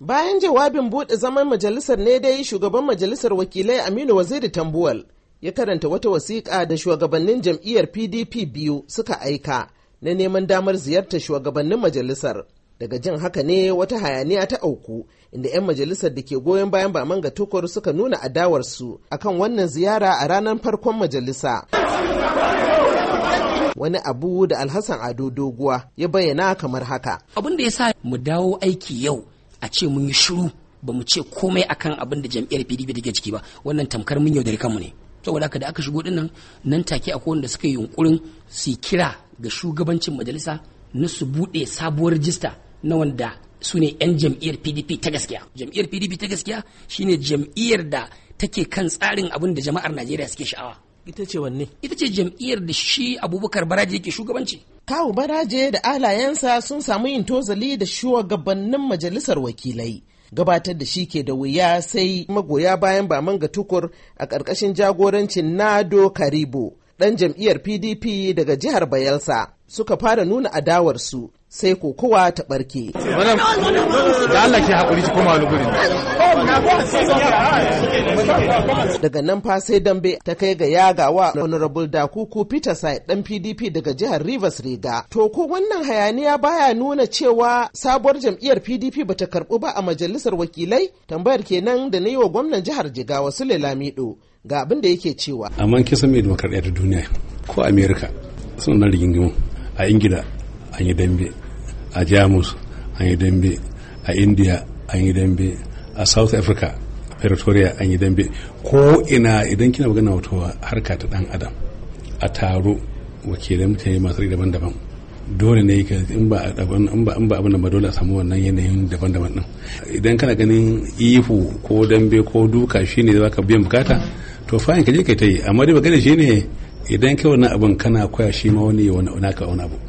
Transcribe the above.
Bayan jawabin buɗe zaman majalisar ne dai shugaban majalisar wakilai Aminu Waziri Tambuwal ya karanta wata wasiƙa da shugabannin jam'iyyar PDP biyu suka aika na neman damar ziyartar shugabannin majalisar. Daga jin haka ne wata hayaniya ta auku inda 'yan majalisar da ke goyon bayan baman ga tukur suka nuna adawarsu akan wannan ziyara a ranar farkon majalisa. wani abu da alhassan ado doguwa ya bayyana kamar haka abin da ya sa mu dawo aiki yau a ce mun yi shiru ba mu ce komai akan abin da jam'iyyar pdp take ciki ba wannan tamkar mun yaudari kanmu ne saboda haka da aka shigo dinnan nan take akwai wanda suka yi yunkurin su kira ga shugabancin majalisa na su bude sabuwar rijista na wanda su ne 'yan jam'iyyar pdp ta gaskiya jam'iyyar pdp ta gaskiya shine jam'iyyar da take kan tsarin abin da jama'ar najeriya suke sha'awa ita ce wanne ita ce jam'iyyar da shi abubakar baraji yake shugabanci Kawu Baraje da alayensa sun samu yin tozali da shugabannin majalisar wakilai. Gabatar da shi ke da wuya sai magoya bayan baman ga tukur a ƙarƙashin jagorancin Nado Karibo, ɗan jam'iyyar PDP daga jihar Bayelsa, suka fara nuna adawarsu sai kokowa ta barke. da Allah Daga nan fa sai dambe ta kai ga yagawa Honorable Dakuku Peter Sai dan PDP daga jihar Rivers Riga. To ko wannan hayaniya baya nuna cewa sabuwar jam'iyyar PDP bata karɓu ba a majalisar wakilai? Tambayar kenan da na yi wa gwamnan jihar Jigawa Sule Lamido ga abin da yake cewa. Amma kisan mai dimokuraɗiyya da duniya ko Amerika suna rigingimu a Ingila an yi dambe a jamus an yi dambe a india an yi dambe a south africa pretoria an yi dambe ko ina idan kina magana wato harka ta dan adam a taro wakilan mutane masu rai daban-daban dole ne in ba in ba in ba abin da dole a samu wannan yanayin daban-daban din idan kana ganin ihu ko dambe ko duka shine za ka biyan bukata to fa'in ka je ka ta yi amma dai magana shine idan kai wannan abin kana koya shi ma wani wani ka wani abu